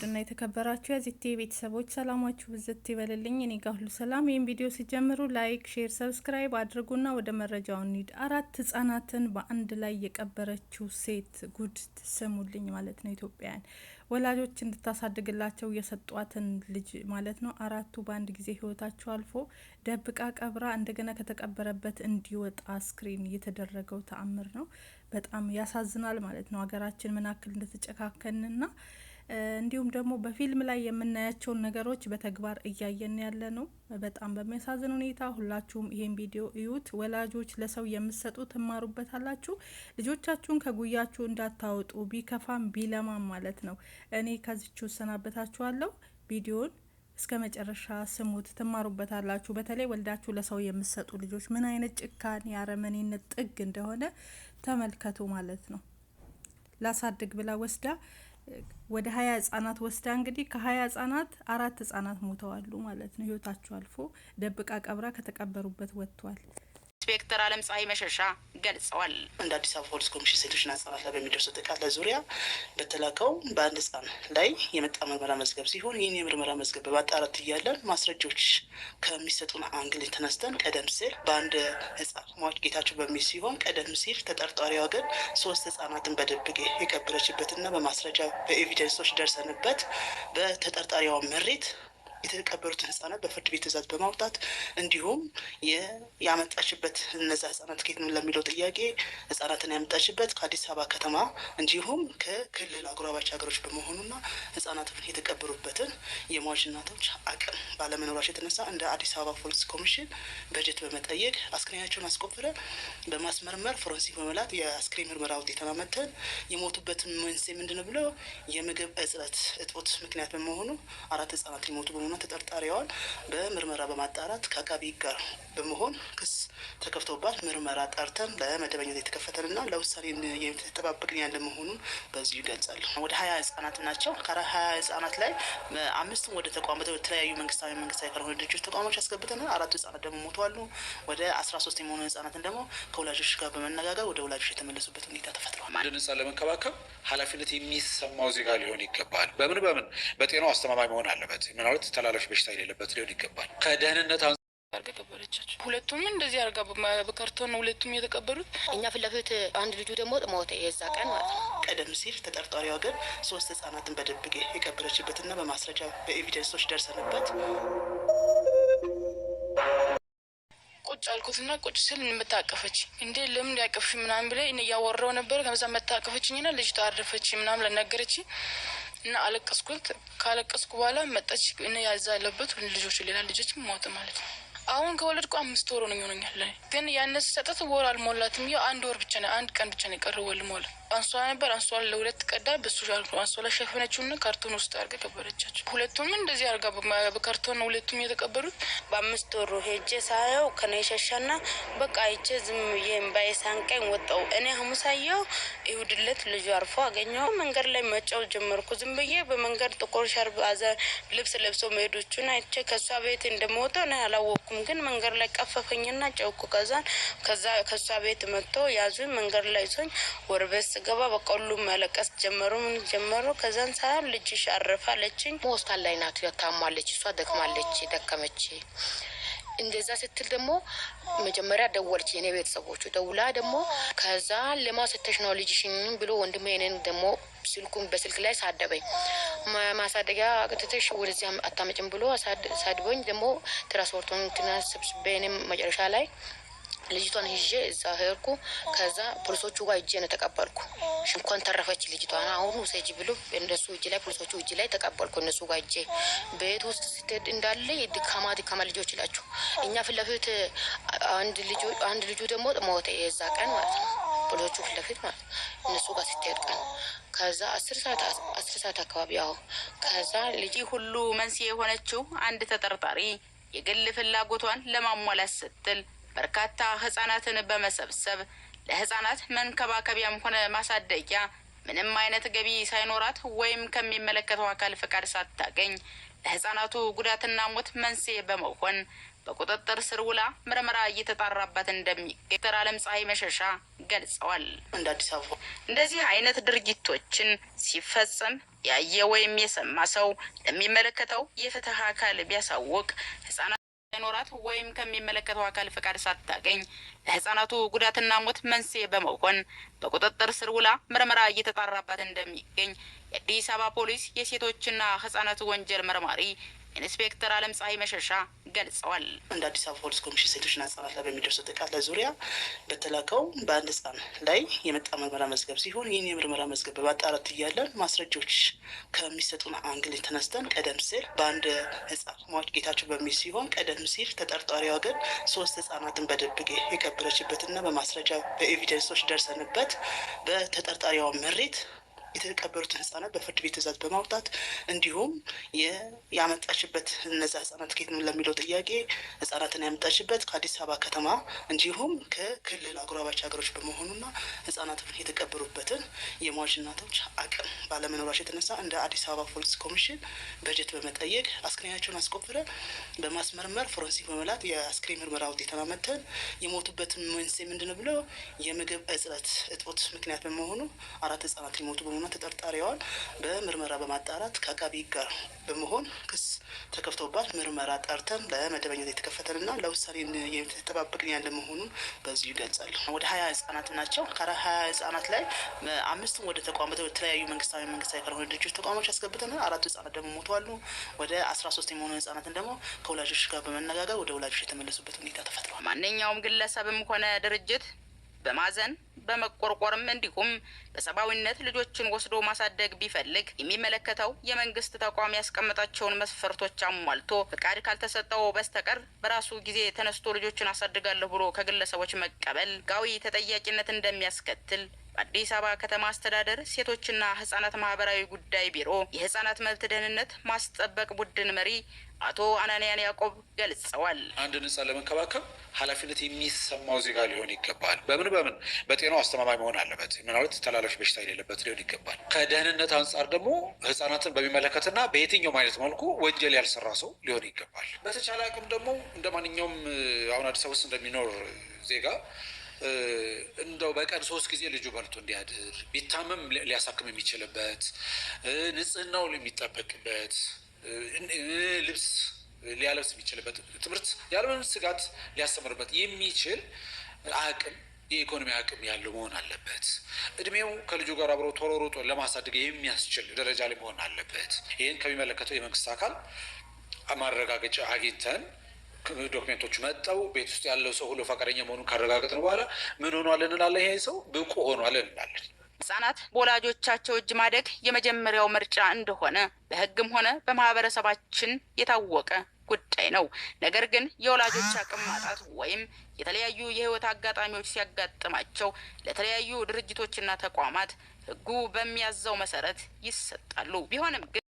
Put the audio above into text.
ውድና የተከበራችሁ የዚቴ ቤተሰቦች ሰላማችሁ ብዝት ይበልልኝ። እኔ ጋር ሁሉ ሰላም። ይህን ቪዲዮ ሲጀምሩ ላይክ፣ ሼር፣ ሰብስክራይብ አድርጉና ወደ መረጃው እንሂድ። አራት ህጻናትን በአንድ ላይ የቀበረችው ሴት ጉድ ትሰሙልኝ ማለት ነው። ኢትዮጵያውያን ወላጆች እንድታሳድግላቸው የሰጧትን ልጅ ማለት ነው። አራቱ በአንድ ጊዜ ህይወታቸው አልፎ ደብቃ ቀብራ እንደገና ከተቀበረበት እንዲወጣ ስክሪን የተደረገው ተአምር ነው። በጣም ያሳዝናል ማለት ነው። ሀገራችን ምናክል እንደተጨካከንና እንዲሁም ደግሞ በፊልም ላይ የምናያቸውን ነገሮች በተግባር እያየን ያለ ነው። በጣም በሚያሳዝን ሁኔታ ሁላችሁም ይሄን ቪዲዮ እዩት። ወላጆች ለሰው የምትሰጡ ትማሩበታላችሁ። ልጆቻችሁን ከጉያችሁ እንዳታወጡ ቢከፋም ቢለማም ማለት ነው። እኔ ከዚች እሰናበታችኋለሁ። ቪዲዮን እስከ መጨረሻ ስሙት፣ ትማሩበታላችሁ። በተለይ ወልዳችሁ ለሰው የምሰጡ ልጆች ምን አይነት ጭካኔ የአረመኔነት ጥግ እንደሆነ ተመልከቱ ማለት ነው። ላሳድግ ብላ ወስዳ ወደ ሀያ ህጻናት ወስዳ እንግዲህ ከሀያ ህጻናት አራት ህጻናት ሞተዋሉ ማለት ነው። ህይወታቸው አልፎ ደብቃ ቀብራ ከተቀበሩበት ወጥቷል። ኢንስፔክተር አለም ፀሐይ መሸሻ ገልጸዋል። እንደ አዲስ አበባ ፖሊስ ኮሚሽን ሴቶችና ህጻናት ላይ በሚደርሰው ጥቃት ላይ ዙሪያ በተላከው በአንድ ህጻን ላይ የመጣ ምርመራ መዝገብ ሲሆን ይህን የምርመራ መዝገብ በማጣራት እያለን ማስረጃዎች ከሚሰጡን አንግል ተነስተን ቀደም ሲል በአንድ ህጻን ሟች ጌታቸው በሚል ሲሆን ቀደም ሲል ተጠርጣሪዋ ግን ሶስት ህጻናትን በደብቅ የቀበረችበትና በማስረጃ በኤቪደንሶች ደርሰንበት በተጠርጣሪዋ መሬት የተቀበሉትን ህጻናት በፍርድ ቤት ትእዛዝ በማውጣት እንዲሁም ያመጣችበት እነዛ ህጻናት ከየት ነው ለሚለው ጥያቄ ህጻናትን ያመጣችበት ከአዲስ አበባ ከተማ እንዲሁም ከክልል አጎራባች ሀገሮች በመሆኑና ህጻናትን የተቀበሉበትን የሟች እናቶች አቅም ባለመኖራቸው የተነሳ እንደ አዲስ አበባ ፖሊስ ኮሚሽን በጀት በመጠየቅ አስክሬናቸውን አስቆፍረ በማስመርመር ፎረንሲክ በመላት የአስክሬን ምርመራ ውጤት አመተን የሞቱበትን መንስኤ ምንድን ብለው የምግብ እጥረት እጦት ምክንያት በመሆኑ አራት ህጻናት የሞቱ በመሆኑ ተጠርጣሪዋን በምርመራ በማጣራት ከአቃቢ ጋር በመሆን ክስ ተከፍቶባት ምርመራ ጠርተን ለመደበኛ የተከፈተንና ለውሳኔ የተጠባበቅን ያለ መሆኑን በዚሁ ይገልጻል። ወደ ሀያ ህጻናት ናቸው። ከሀያ ህጻናት ላይ አምስትም ወደ ተቋም የተለያዩ መንግስታዊ መንግስታዊ ካልሆነ ድርጅቶች ተቋሞች ያስገብተናል። አራቱ ህጻናት ደግሞ ሞተዋሉ። ወደ አስራ ሶስት የመሆኑ ህጻናትን ደግሞ ከወላጆች ጋር በመነጋገር ወደ ወላጆች የተመለሱበት ሁኔታ ተፈጥሯል። አንድን ህጻን ለመንከባከብ ኃላፊነት የሚሰማው ዜጋ ሊሆን ይገባል። በምን በምን በጤናው አስተማማኝ መሆን አለበት። ምናልባት ተላለፊ በሽታ የሌለበት ሊሆን ይገባል። ከደህንነት አድርጋ ቀበረቻቸው። ሁለቱም እንደዚህ አርጋ በካርቶን ሁለቱም የተቀበሉት እኛ ፊት ለፊት አንድ ልጁ ደግሞ ሞተ። የዛ ቀን ማለት ነው። ቀደም ሲል ተጠርጣሪ ወገን ሶስት ህጻናትን በደብቅ የቀበረችበትና በማስረጃ በኤቪደንሶች ደርሰንበት ቁጭ አልኩትና ቁጭ ስል የምታቀፈች እንዴ ለምን ያቀፍሽ ምናምን ብላ እያወራው ነበር። ከዛ መታቀፈችኝና ልጅቷ አረፈች ምናምን ለነገረች እና አለቀስኩት። ካለቀስኩ በኋላ መጣች እና ያዛ ያለበት ልጆች ሌላ ልጆች ሞት ማለት ነው። አሁን ከወለድኩ አምስት ወር ነው የሚሆነኛል። ግን ያነስ ሰጠት ወር አልሞላትም። ያው አንድ ወር ብቻ ነው አንድ ቀን ብቻ ነው የቀረው ወልሞላ አንሷላ ነበር። አንሷላ ለሁለት ቀዳ በሱ አንሷላ ሸፈነችውና ካርቶን ውስጥ አድርጋ ቀበረቻቸው። ሁለቱም እንደዚህ አድርጋ በካርቶን ሁለቱም የተቀበሉት። በአምስት ወሩ ሄጄ ሳየው ከነ የሸሻና በቃ አይቼ ዝም ብዬ ሳንቀኝ ወጣው። እኔ ሐሙስ አየሁ፣ እሑድ ልጁ አርፎ አገኘው። መንገድ ላይ መጫው ጀመርኩ ዝም ብዬ በመንገድ ጥቁር ሸርብ አዘ ልብስ ለብሶ መሄዶቹን አይቼ ከእሷ ቤት እንደመወጣው እኔ አላወቅኩም፣ ግን መንገድ ላይ ቀፈፈኝና ጨውኩ። ከዛን ከዛ ከእሷ ቤት መጥቶ ያዙኝ መንገድ ላይ ሶኝ ወርበስ ስገባ በቃ ሁሉም መለቀስ ጀመሩ። ምን ጀመሩ? ከዛን ሳያም ልጅሽ አረፋለችኝ። ሆስፒታል ላይ ናት፣ ታማለች፣ እሷ ደክማለች፣ ደከመች። እንደዛ ስትል ደግሞ መጀመሪያ ደወለች የኔ ቤተሰቦቹ ደውላ ደግሞ ከዛ ለማሰተሽ ነው ልጅሽኝ ብሎ ወንድሜ እኔን ደግሞ ስልኩን በስልክ ላይ ሳደበኝ ማሳደጊያ ቅትትሽ ወደዚያ አታመጭም ብሎ ሳድበኝ ደግሞ ትራንስፖርቱን ትና ስብስቤ እኔም መጨረሻ ላይ ልጅቷን ይዤ እዛ ሄድኩ። ከዛ ፖሊሶቹ ጋር እጄ ነው ተቀበልኩ። እንኳን ተረፈች ልጅቷ አሁኑ ሰጅ ብሎ እነሱ እጅ ላይ ፖሊሶቹ እጅ ላይ ተቀበልኩ። እነሱ ጋር እጄ ቤት ውስጥ ስትሄድ እንዳለ ድካማ ድካማ ልጆች ላችሁ እኛ ፊት ለፊት አንድ ልጁ ደግሞ ሞተ። የዛ ቀን ማለት ነው ፖሊሶቹ ፊት ለፊት ማለት እነሱ ጋር ስትሄድ ቀን ከዛ አስር ሰዓት አስር ሰዓት አካባቢ አሁ ከዛ ልጅ ሁሉ መንስኤ የሆነችው አንድ ተጠርጣሪ የግል ፍላጎቷን ለማሟላት ስትል በርካታ ህጻናትን በመሰብሰብ ለህጻናት መንከባከቢያም ሆነ ማሳደጊያ ምንም አይነት ገቢ ሳይኖራት ወይም ከሚመለከተው አካል ፈቃድ ሳታገኝ ለህጻናቱ ጉዳትና ሞት መንስኤ በመሆን በቁጥጥር ስር ውላ ምርመራ እየተጣራባት እንደሚገኝ ዶክተር አለም ፀሐይ መሸሻ ገልጸዋል። እንደ አዲስ አበባ እንደዚህ አይነት ድርጊቶችን ሲፈጸም ያየ ወይም የሰማ ሰው ለሚመለከተው የፍትህ አካል ቢያሳውቅ ህጻናት ሳይኖራት ወይም ከሚመለከተው አካል ፈቃድ ሳታገኝ ለህጻናቱ ጉዳትና ሞት መንስኤ በመሆን በቁጥጥር ስር ውላ ምርመራ እየተጣራባት እንደሚገኝ የአዲስ አበባ ፖሊስ የሴቶችና ህጻናት ወንጀል መርማሪ ኢንስፔክተር አለም ፀሐይ መሸሻ ገልጸዋል። እንደ አዲስ አበባ ፖሊስ ኮሚሽን ሴቶችና ህጻናት ላይ በሚደርሰው ጥቃት ለዙሪያ በተላከው በአንድ ህጻን ላይ የመጣ ምርመራ መዝገብ ሲሆን ይህን የምርመራ መዝገብ በማጣራት እያለን ማስረጃዎች ከሚሰጡን አንግል ተነስተን ቀደም ሲል በአንድ ህጻን ሟች ጌታቸው በሚል ሲሆን ቀደም ሲል ተጠርጣሪዋ ግን ሶስት ህጻናትን በደብቅ የቀበረችበትና በማስረጃ በኤቪደንሶች ደርሰንበት በተጠርጣሪዋ ምሬት የተቀበሩትን ህጻናት በፍርድ ቤት ትእዛዝ በማውጣት እንዲሁም ያመጣችበት እነዛ ህጻናት ከየት ነው ለሚለው ጥያቄ ህጻናትን ያመጣችበት ከአዲስ አበባ ከተማ እንዲሁም ከክልል አጎራባች ሀገሮች በመሆኑና ህጻናትን የተቀበሩበትን የሟች እናቶች አቅም ባለመኖራቸው የተነሳ እንደ አዲስ አበባ ፖሊስ ኮሚሽን በጀት በመጠየቅ አስክሬናቸውን አስቆፍረ በማስመርመር ፎረንሲክ በመላት የአስክሬን ምርመራ ውጤት ተማመተን የሞቱበትን መንስኤ ምንድነው ብለው የምግብ እጥረት እጦት ምክንያት በመሆኑ አራት ህጻናት ሊሞቱ በመሆኑ ተጠርጣሪዋን በምርመራ በማጣራት ከአቃቢ ጋር በመሆን ክስ ተከፍቶባት ምርመራ ጠርተን ለመደበኛ የተከፈተንና ለውሳኔ የተጠባበቅን ያለ መሆኑን በዚሁ ይገልጻል። ወደ ሀያ ህጻናት ናቸው። ከሀያ ህጻናት ላይ አምስቱም ወደ ተቋም በተለያዩ መንግስታዊ መንግስታዊ ካልሆነ ድርጅቶች ተቋሞች ያስገብተናል። አራቱ ህጻናት ደግሞ ሞተዋሉ። ወደ አስራ ሶስት የሚሆኑ ህጻናትን ደግሞ ከወላጆች ጋር በመነጋገር ወደ ወላጆች የተመለሱበት ሁኔታ ተፈጥሯል። ማንኛውም ግለሰብም ሆነ ድርጅት በማዘን በመቆርቆርም እንዲሁም በሰብአዊነት ልጆችን ወስዶ ማሳደግ ቢፈልግ የሚመለከተው የመንግስት ተቋም ያስቀመጣቸውን መስፈርቶች አሟልቶ ፍቃድ ካልተሰጠው በስተቀር በራሱ ጊዜ ተነስቶ ልጆችን አሳድጋለሁ ብሎ ከግለሰቦች መቀበል ህጋዊ ተጠያቂነት እንደሚያስከትል በአዲስ አበባ ከተማ አስተዳደር ሴቶችና ህጻናት ማህበራዊ ጉዳይ ቢሮ የህጻናት መብት ደህንነት ማስጠበቅ ቡድን መሪ አቶ አናንያን ያዕቆብ ገልጸዋል። አንድን ህጻን ለመንከባከብ ኃላፊነት የሚሰማው ዜጋ ሊሆን ይገባል። በምን በምን በጤናው አስተማማኝ መሆን አለበት። ምናልባት ተላለ ተላላፊ በሽታ የሌለበት ሊሆን ይገባል። ከደህንነት አንጻር ደግሞ ህጻናትን በሚመለከትና በየትኛውም አይነት መልኩ ወንጀል ያልሰራ ሰው ሊሆን ይገባል። በተቻለ አቅም ደግሞ እንደ ማንኛውም አሁን አዲስ አበባ እንደሚኖር ዜጋ እንደው በቀን ሶስት ጊዜ ልጁ በልቶ እንዲያድር ቢታመም ሊያሳክም የሚችልበት ንጽህናው የሚጠበቅበት ልብስ ሊያለብስ የሚችልበት ትምህርት ያለምንም ስጋት ሊያስተምርበት የሚችል አቅም የኢኮኖሚ አቅም ያለው መሆን አለበት። እድሜው ከልጁ ጋር አብሮ ተሮሮጦ ለማሳደግ የሚያስችል ደረጃ ላይ መሆን አለበት። ይህን ከሚመለከተው የመንግስት አካል ማረጋገጫ አግኝተን ዶክሜንቶቹ መጠው ቤት ውስጥ ያለው ሰው ሁሉ ፈቃደኛ መሆኑን ካረጋገጥን በኋላ ምን ሆኗል እንላለን። ይሄ ሰው ብቁ ሆኗል እንላለን። ህጻናት በወላጆቻቸው እጅ ማደግ የመጀመሪያው ምርጫ እንደሆነ በህግም ሆነ በማህበረሰባችን የታወቀ ጉዳይ ነው። ነገር ግን የወላጆች አቅም ማጣት ወይም የተለያዩ የህይወት አጋጣሚዎች ሲያጋጥማቸው ለተለያዩ ድርጅቶችና ተቋማት ህጉ በሚያዘው መሰረት ይሰጣሉ። ቢሆንም ግን